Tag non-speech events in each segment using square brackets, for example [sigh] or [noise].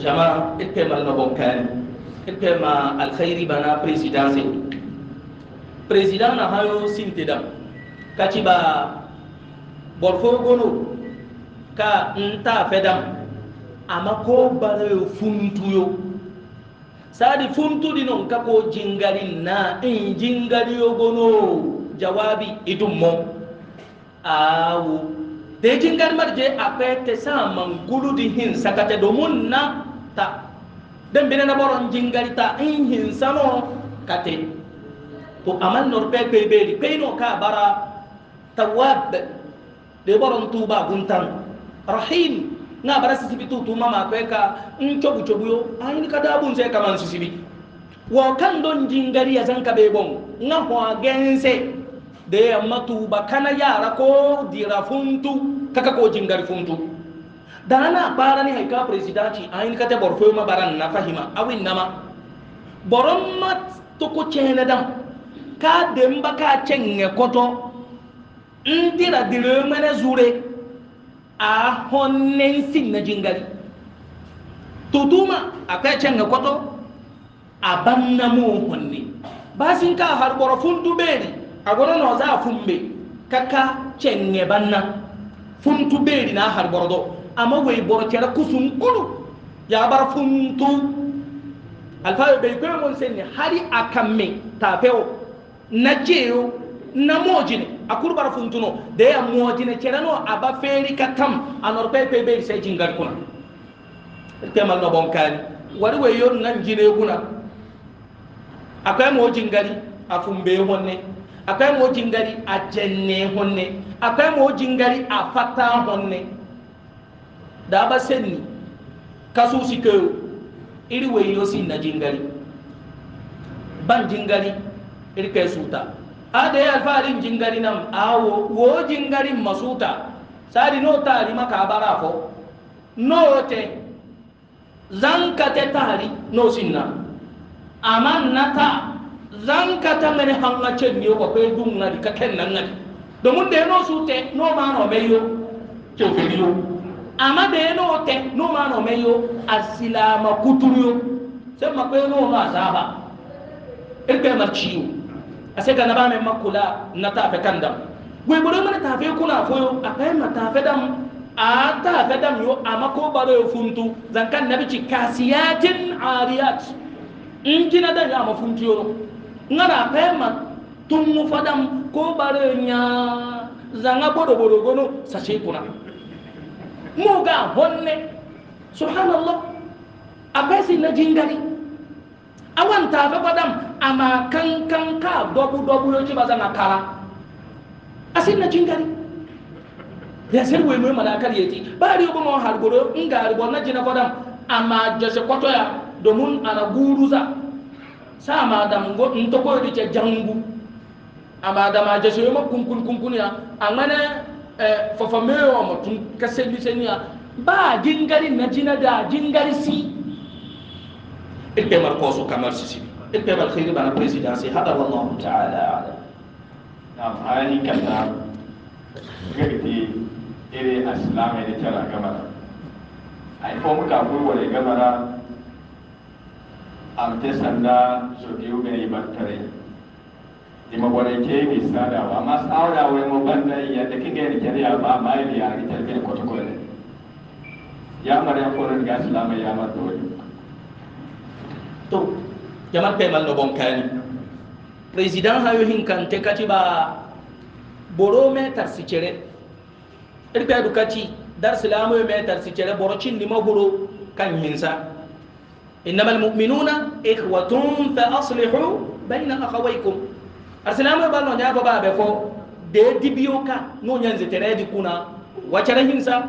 jama ipe mal no bon kan bana president se na hayo sinte dam kati ba gono ka nta fedam ama ko bare funtu yo sadi funtu di ka ko jingari na in jingari yo gono jawabi idummo awu de jingari marje apete sa mangulu di hin sakate domun na ta den bine na boron jingari ta in hinsano kate to aman nor pe pe be pe no ka bara tawab de boron tuba guntan rahim na bara sisibi tu mama ma kwe ka in chobu chobu yo ayin ah, ka dabun sai kaman sisibi wa kan don jingari ya zanka be bon na ho agense de amma tuba kana yara ko dirafuntu funtu kaka ko jingari funtu dana bara barani haika presidanci ayin kate borfo ma bara na fahima awin nama boron ma toko chene dam ka demba ka chenge koto ndira dire mene zure a honnen sin na jingali tutuma akai chenge koto abanna mu honne basin ka har borofun duberi agona no za fumbe kaka chenge banna funtu beri na har borodo ama wey boro kera kusun kulu ya bar funtu alfayo bai kwe mun senni hari akame tafeo na jeyo na mojine akuru bar no da ya mojine kera no aba feri katam anor pe pe bai sai jingar kuna temal no bonkani wari wey yon nan jine kuna akwai mojin gari a fumbe honne akwai mojin gari a jenne akwai mojin gari a fata daba senni kasu si kewu iri weyo si na jingari ban jingali iri kai suta ada ya alfarin jingari nan awo wo jingali masuta sari no tari maka bara fo no te zanka te tari no sinna aman nata zanka ta ngani hanga chenyo ko pe dum na di ka ken nan ngani domun de no sute no ma no meyo choferiyo ama da ya nawa no ma no meyo asilama kuturiyo se ma ko no ma saba irbe ma ciyo ase ga na ba me makula na ta fe kanda we bore mana ta fe kula foyo akai ma ta fe dam a ta fe dam yo amma ko baro yo funtu zankan nabi ci kasiyatin ariyat in kina da ya ma funtu yo ngara fe ma tun mu fadam ko baro nya zanga bodo bodo gono sace kuna moga honne subhanallah abesi na jingari awan ta fa badam ama kan kan ka dobu dobu yo ci bazana kala asin na jingari ya sel we mu malaka yeti bari yobo mo har goro ngari bonna jina badam ama jose koto ya domun ana guruza sama dam go ntoko di ci jangu ama dama jose mo kunkun kunkun ya amana eh, fafamewa mutum kasar bisaniya ba jingari na jina da jingari si ikpemar kosu kamar sisi ikpemar khiri bana presidansi hada wallahu ta'ala alam nam ayani kalla gadi ire aslama ne tara gamara ai ko muka gurwa ne gamara am te sanda so biyu ne bartare dimogoreke bisada wamasi awra we mubanza yadde kigeri keri aba maili ya kitali kele kotokole ya mara kono ga salama ya matoli to jamat pe mal no bonkani president hayo hinkante katiba borome tarsichere irpe dukati dar salamu me tarsichere borocin lima guro kan hinsa إنما المؤمنون إخوة فأصلحوا بين أخويكم asilamai ba non ya ba ba befo da ya dibiyo ka no yanzu tare di kuna wace rahin sa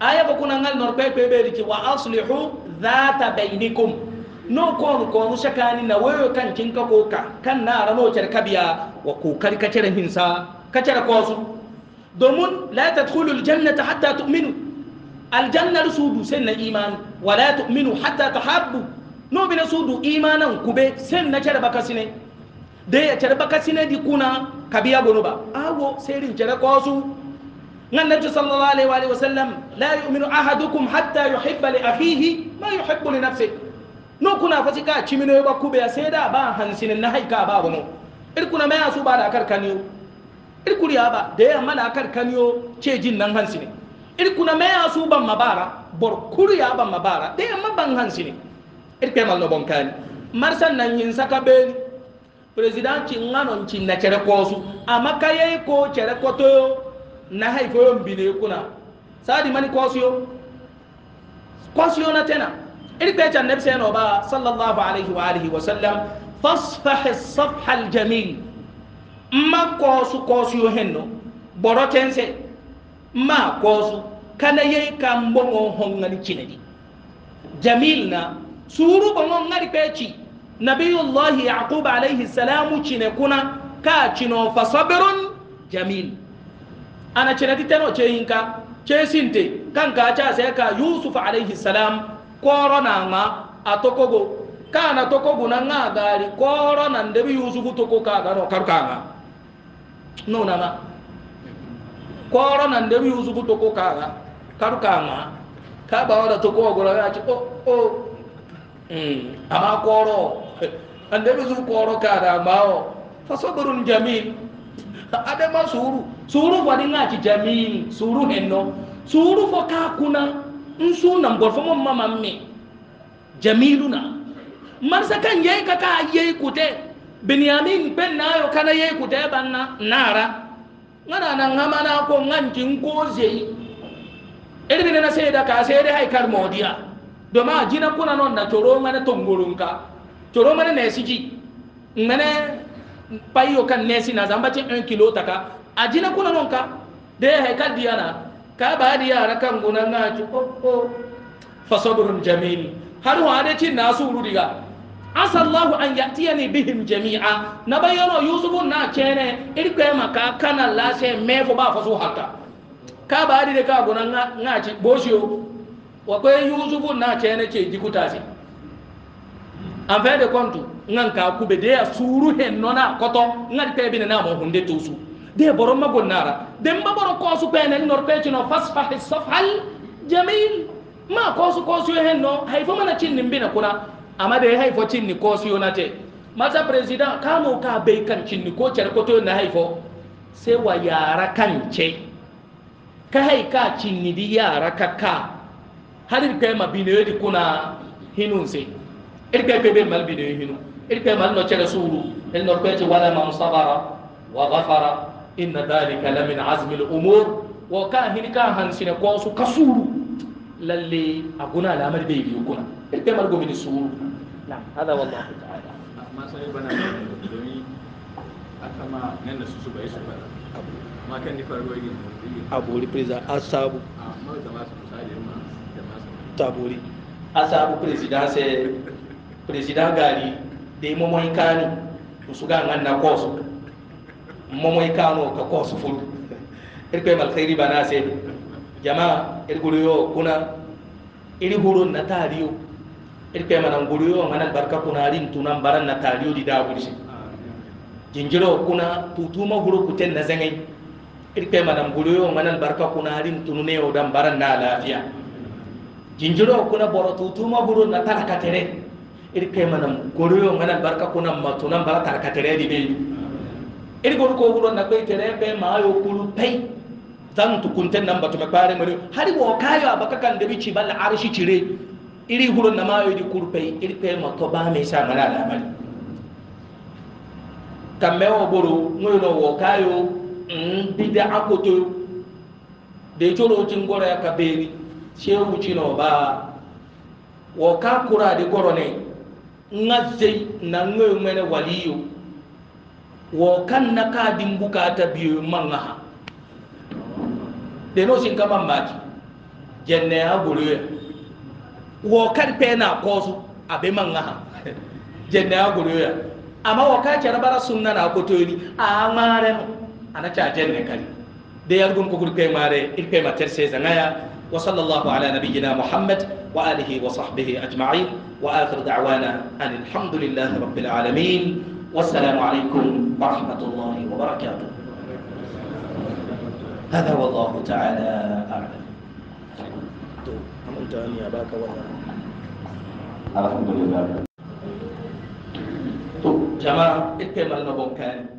aya ba kuna ngal nor pepe be di wa aslihu dhata bainikum no ko ko no shakani na wayo kan kin ka ko ka kan na rano cer kabiya wa ko kar ka cer hin ka cer ko su domin la tadkhulu aljannata hatta tu'minu aljanna rusudu sen iman wa la tu'minu hatta tahabbu no bi na imanan kube sen na cer baka de ya cere baka sine di kuna kabiya gono ba awo serin cere ko su nan nabi sallallahu alaihi wa alihi wasallam la yu'minu ahadukum hatta yuhibba li akhihi ma yuhibbu li nafsihi no kuna fasi ka cimino ba kube ya sai da ba hansinin na haika ba gono irkuna mai asu ba da karkaniyo irkuriya ba da ya mana karkaniyo ce jin nan hansinin irkuna mai asu ban mabara bor kuriya ban mabara da ya maban hansinin irkai mal no bonkani marsan nan yin saka beni President ngano nchi na chere kosu amaka ye ko chere koto na haifo yo mbine kuna sadi mani kosu yo kosu yo na tena ili pecha nebse no ba sallallahu alaihi wa alihi wa sallam fasfah as jamil ma kosu kosu yo henno boro tense ma kosu kana ye ka mbongo hongani chinedi jamil na suru bongo ngari pechi nabiyullahi yaqub alayhi salamu cine kuna ka cino fa sabirun jamil ana cine titeno ce yinka ce sinte kan ka ca sai ka yusuf alayhi salam koro na ma a tokogo ka na tokogo na nga gari koro na ndebi yusuf toko ka ga no karka nga na ndebi yusuf toko ka ga ka ba wada toko gora ci o oh, o oh. hmm, amma koro annabi zu koro kana mawo fa sabrun jamil ade ma suru suru wadi ngati jamil suru henno suru fo ka kuna nsu na ngor fo mama mamme jamiluna marsa kan yayi ka ka yayi kute binyamin ben nayo kana yayi kute banna nara ngana na ngama na ko nganti ngoze irbine na seda ka sede hay kar modiya doma jina kuna non na toro ngana tongorunka toro mana nesi ji mana payo kan nesi na zamba ce 1 kilo taka ajina kuna nonka da ya haikal diyana ka ba di yara kan gona na ci o oh, o oh. fa sabrun jamil har wa da ci nasu rudiga asallahu an yatiyani bihim jami'a na bayyano yusufu na cene irkwe maka kana lase mefo ba faso hata, ka ba di de ka gona na ci bosio wa ko yusufu na cene ce jikutasi an fɛ de kɔntu ngan ka kube de ya suru hen nona koto ngan pe bi na mo hunde tusu de boro mago nara dem ba boro ko su pe ne nor pe chino fasfah safhal jamil ma ko su ko su hen no hay fo mana chin nimbi na kuna amma de hay fo chin ni ko su yona te mata president ka mo ka be kan chin ni ko chere ko to na hay fo sai wa yara kan ce ka hay ka chin ni di yara ka ka hadir pe ma bi إركي بيبير مال بيديهنو إركي مال نوچه رسولو إلنور بيجي ولا من صبر وغفر إن ذلك لمن عزم الأمور وكاهن كاهن سنة قوسو كسولو للي أقنا لامر بيبي يقنا إركي مال قومي نسولو نعم هذا والله تعالى ما سيئ بنا أكما نين نسوسو بأي سبرا ما كان يفرغو يجي أبو لي بريزا أصابو ما هو تماسو مساعدة ما تماسو تابولي أصابو بريزا سيئ président Gali, de momoy kani usuga nganna koso momoy kano ka koso fulu ir koy mal khairi bana se jama ir guriyo kuna iri huru na tariyo ir koy manan guriyo manan barka kuna rin tunan baran na tariyo di dagurisi jinjiro kuna tutuma huro kuten na zangai ir koy manan guriyo manan barka kuna rin tunune o dan baran na lafiya jinjiro kuna boro tutuma huro na talaka tere iri kai manam goro yo ngana barka kuna matunan bara tar katere di be iri goro ko goro na be tere be ma yo kulu pei zan tu kunten nan batu me pare mari hari wo kayo abaka kan de bici bal arshi cire iri goro na ma yo di kulu pei iri kai ma to ba me sa mala la mali kamme wo boro ngoyo no wo kayo mm, bida akoto de coro cin goro ya kaberi shehu cino ba wo ka kura di goro ne nga zei na nga mene waliyo wo kan na ka din bukata biyo manga ha de no sin kama maki jenne ha goriyo wo kan pe na kosu abe manga ha [laughs] jenne ha goriyo amma wo ka cara bara sunna na ko toyni a mare no ana cha jenne kali de yalgun ko gurkai mare il kai mater se zangaya وصلى الله على نبينا محمد وآله وصحبه أجمعين وآخر دعوانا أن الحمد لله رب العالمين والسلام عليكم ورحمة الله وبركاته هذا والله تعالى أعلم الحمد لله جماعة الكمال نبون كان